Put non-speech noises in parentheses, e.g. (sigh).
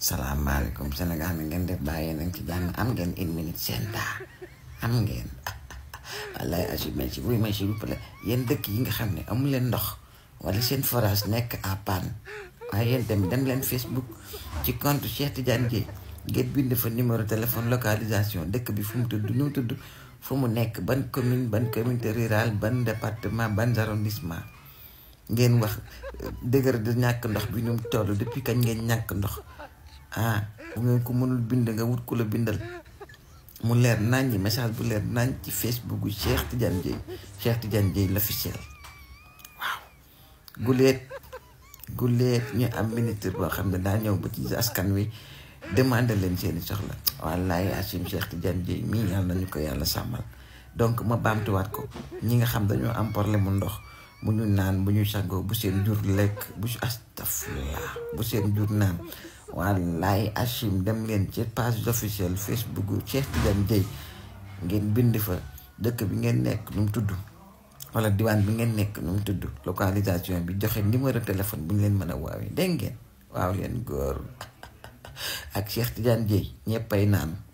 Assalamualaikum. saya ga amin gan bayan baye nan ci am gan in minute senta. Am ngeen. Wallahi asib ma ci wuy ma ci pala. Yeen dëkk yi ne amu leen ndox wala seen forage dem Facebook ci compte Cheikh janji. Get bin de fa numéro téléphone localisation dëkk bi fu mu tudd nu tudd fu mu ban commune ban communauté teriral ban département ban zarondisma. Gen wax dëgër di ñàkk ndox bi nu mu toll depuis kan ah ngeen ko mënul bind nga wut ku la bindal mu leer nañ message bu leer nañ ci facebook gu Cheikh Tidiane Dieye Cheikh Tidiane Dieye l'officiel waaw guleet guleet ñu am ministre boo xam ne daa ñëw ba ci askan wi demande leen seeni soxla wallaay asim Cheikh Tidiane Dieye mii yàlla nañu ko yàlla sàmmal donc ma baamtuwaat ko ñi nga xam dañoo am problème mu ndox mu ñu naan bu ñu sangoo bu seen jur lekk bu astafurlah bu seen jur naan wallaay Achim dem leen ci page officielle Facebook bu Cheikh Tidiane Dieye ngeen bind fa dëkk bi ngeen nekk nu mu tudd wala diwaan bi ngeen nekk nu mu tudd localisation bi joxe numéro téléphone bu ñu leen mën a waawee dégg ngeen waaw leen góor (laughs) ak Cheikh Tidiane Dieye ñëppay naan.